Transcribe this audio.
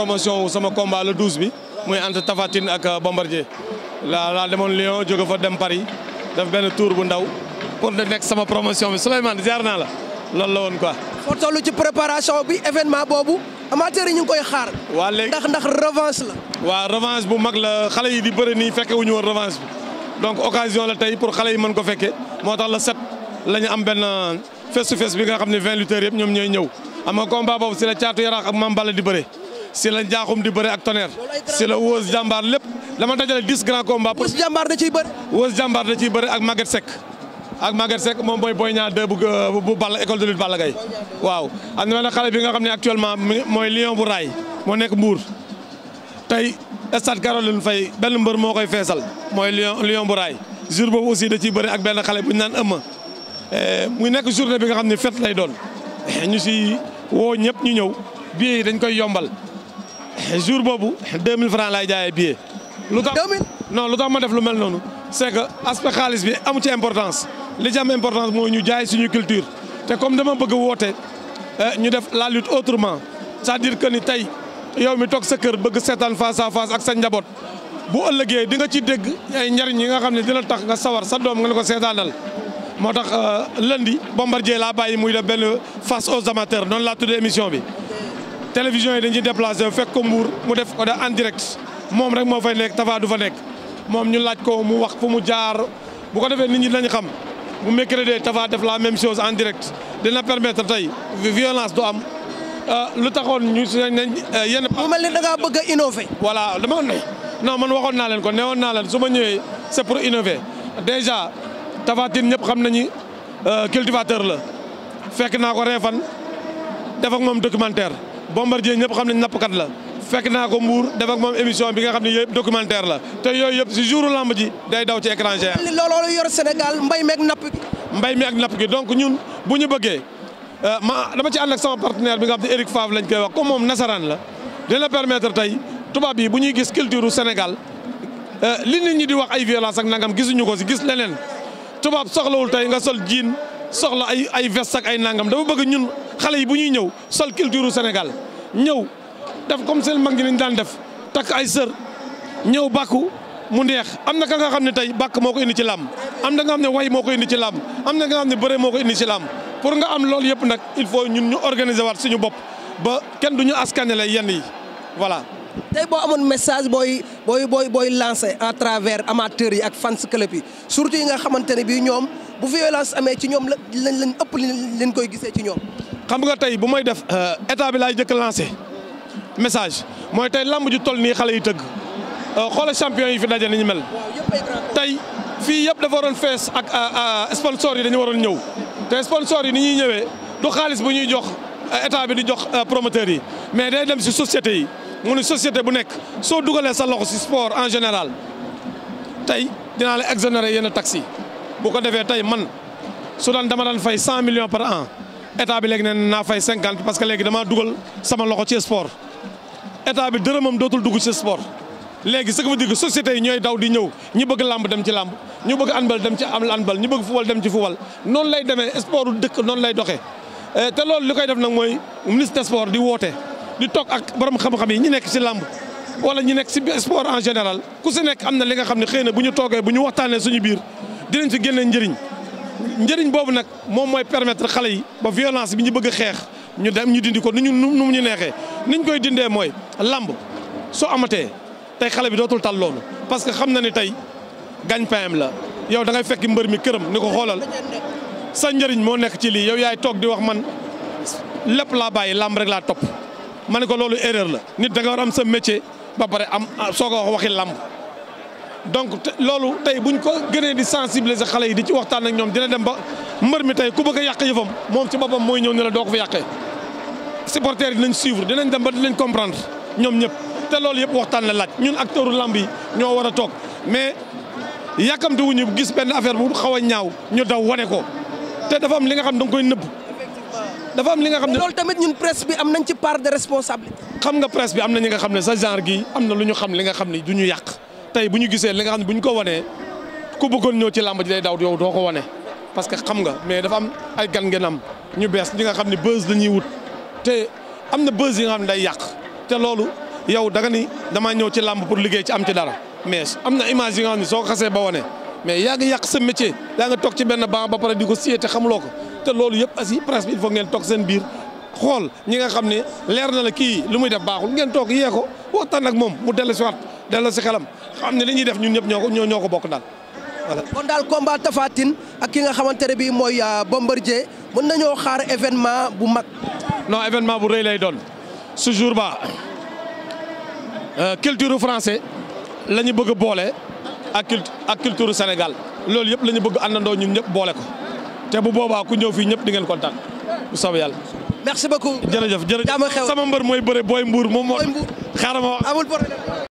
promotion sama combat le 12 bi muy entre Tapha ak euh, Bombardier la laa demoon Lyon jóge fa dem Paris def benn tour bu ndaw pour de nekk sama promotion bi Souleymane ziar naa la loolu la woon quoi. foo toll ci préparation bi événement boobu amateurs yi ñu ngi koy xaar. waa léegi ndax ndax revanche la. waa revanche bu mag la xale yi di bëri nii fekke wu ñu woon revanche bi donc occasion la tey pour xale yi mën ko fekkee moo tax la set la am benn euh, face to bi nga ne 20 lutteurs yëpp ñoom ñooy ñëw am si la njaaxum di bëre ak tonnerre si la wóos jàmbaar lépp dama dajale dix grands combats. wóos jàmbaar da ciy bëre. wóos jàmbaar da ciy bëre ak Maguette Seck ak Maguette sek moom mooy Boy Niang 2 euh, bu bu Balla école de lutte waaw am na benn xale bi nga xam ne actuellement mooy lion bu raay moo nekk Mbour tey stade Caroline Faye benn mbër moo koy feesal mooy lion lion bu raay jour boobu aussi da ciy bëri ak benn xale bu ñu naan ëmma eh, muy nekk journée bi nga xam ne fête lay doon eh, ñu si woo ñëpp ñu ñëw billets yi dañ koy yombal Eh, jour boobu 2000 francs lay jaayee billet. lu tax non lu tax ma def lu mel noonu. c'est que aspect xaalis bi amu ci importance li ci am importance mooy ñu jaay suñu culture te comme dama bëgg woote eh, ñu def la lute autrement c'est-à-dire que ni tey yow mi toog sa kër bëgg seetaan face à ak sa njaboot bu ëllëgee di nga ci dégg ay njariñ yi nga xam ne dina tax nga sawar sa doom nga ne ko seetaanal moo tax eh, lundi Bombardier la bàyyi muy def benn face aux amateurs noonu laa tuddee émission bi. télévision yi dañ ciy déplacé wu fekk ko Mbour mu def ko da en direct moom rek moo fay nekk Tapha du fa nekk moom ñu laaj ko mu wax fu mu jaar bu ko defee nit ñi dinañ xam bu mercredi Tapha def la même chose en direct dina permettre tey violence du am euh, lu taxoon ñu si nañ euh, yenn. mu mel ni da ngaa bëgg a voilà dama ne non man waxoon naa leen ko newoon naa leen su ma ñëwee c'est pour innover déjà Tapha Tine ñëpp xam nañu euh, cultivateur la fekk naa ko Réfane def ak moom documentaire. Bombardier ñëpp xam nañ kat la fekk naa ko Mbour def moom émission bi nga xam ne yëpp documentaire la te yooyu yëpp si jouru lamb ji day daw ci écran géant. looloo yor Sénégal mbay meek napp gi. mbay mi ak napp gi donc ñun bu ñu bëggee euh, ma dama ci ànd ak sama partenaire bi nga xam ne Eric Favre lañ koy wax comme moom nasaraan la dina permettre tey tubaab yi bu ñuy gis culture Sénégal euh, li nit ñi di wax ay violence ak nangam gisuñu ko si gis leneen tubaab soxlawul tey nga sol jiin soxla ay ay veste ak ay nangam dafa bëgg ñun. xale yi bu ñuy ñëw sol culture Sénégal ñëw daf comme seen mag ñi lañ daan def takk ay sër ñëw bàkku mu neex am na ka nga xam ne tey bàkk moo ko indi ci làmb am na nga xam ne way moo ko indi ci làmb am na nga xam ne bëre moo ko indi ci làmb pour nga am loolu yëpp nag il faut ñun ñu organiser waat suñu bopp ba kenn du ñu askanale yenn yi voilà. tey boo amoon message booy booy booy booy lancé à travers amateurs yi ak fans club yi surtout yi nga xamante ne bii ñoom. bu fi violence amee ci ñoom la lañ leen ëpp leen koy gisee ci ñoom. xam nga tey bu may def euh, état bi laay jëkk lancé message mooy tey làmb ju toll nii xale yi tëgg euh, xoola champion yi fi daje ni mel. tey fii yëpp dafa waroon fees ak euh, sponsor yi dañu waroon ñëw te sponsor yi ni ñuy ñëwee du xaalis bu ñuy jox état bi di jox promoteur yi mais day dem si société yi mu ne société bu nekk soo dugalee sa loxo si sport en général tey dinaa la exonérer yenn taxes yi bu ko defee tey man su daan dama daan fay 100 millions par an état bi léegi ne naa fay 50 parce que léegi dama dugal sama loxo ci sport état bi dërëmam dootul dugg ci sport. léegi ce ko veut dire que sociétés yi ñooy daw di ñëw ñi bëgg làmb dem ci làmb ñu bëgg handball dem ci am handball ñu bëgg football dem ci football noonu lay demee u dëkk noonu lay doxee. Eh, te loolu li koy def nag mooy ministre des di woote di toog ak borom xam-xam yi ñi nekk ci làmb wala ñi nekk ci sport en général ku si nekk am na li nga xam ne xëy na bu ñu toogee bu ñu waxtaanee suñu biir. dinañ si génne njëriñ njëriñ boobu nag moom mooy permettre xale yi ba violence bi ñu bëgg a xeex ñu dem ñu dindi ko nu ñu nu ñu neexee niñ koy dindee mooy làmb soo amatee tey xale bi dootul tal loolu parce que xam na ni tey gagne-pain la yow da ngay fekk mbër mi këram ni ko xoolal sa njëriñ moo nekk ci lii yow yaay toog di wax man lépp laa bàyyi làmb rek laa topp ma ne ko loolu erreur la nit da nga war am sa métier ba pare am soo ko wax waxi làmb donc loolu tey buñ ko gënee di sensibiliser xale yi di ci waxtaan ak ñoom dina dem ba mbër mi tey ku bëgg a yàq yëfam moom ci boppam mooy ñëw ne la doo ko fa yàqee yi dinañ suivre dinañ dem ba dinañ comprendre ñoom ñëpp te loolu yëpp waxtaan la laaj ñun acteuru lamb yi ñoo war a toog mais yàkkamte wuñu gis benn affaire bu xaw a ñaaw ñu daw wane ko te dafa am li nga xam da nga koy nëbb dafa am li nga xam ne loolu tamit ñun presse bi am nañ ci part de responsabilité. xam nga presse bi am na ñi nga xam ne sa genre gi am na lu ñu xam li nga xam ne du ñu yàq tey bu ñu gisee li nga xam ne bu ñu ko wanee ku bëggoon ñëw ci làmb ji day daw yow doo ko wane parce que xam nga mais dafa am ay gan ngeen am ñu bees ñi nga xam ne buzz la ñuy wut te am na buzz yi nga xam ne day yàq te loolu yow da nga ni damaa ñëw ci làmb pour liggéey ci am ci dara mais am na image yi soo ko xasee ba wane mais yaa ngi yàq sa métier yaa nga toog ci benn banc ba pare di ko siyee te xamuloo ko te loolu yëpp aussi presse bi il faut ngeen toog seen biir xool ñi nga xam ne leer na la kii lu muy def baaxul ngeen toog yee ko waxtaan nag moom mu dellusiwaat delloo si xelam xam ne li ñuy def ñun ñëpp ñoo ko ñoo ko bokk daal voilà. kon daal combat Tapha Tine ak ki nga xamante ne bii mooy euh, Bombardier na nañoo xaar événement bu mag. non événement bu rëy lay doon ce jour ba euh, culture français la ñu bëgg a boole ak culture ak culture Sénégal loolu yëpp lañu ñu bëgg àndandoo ñun ñëpp boole ko te bu boobaa ku ñëw fii ñëpp di ngeen kontaan bu soob yàlla. merci beaucoup jërëjëf jërëjëf sama mbër mooy bëre booy mbuur moom moo. xaaral ma amul problème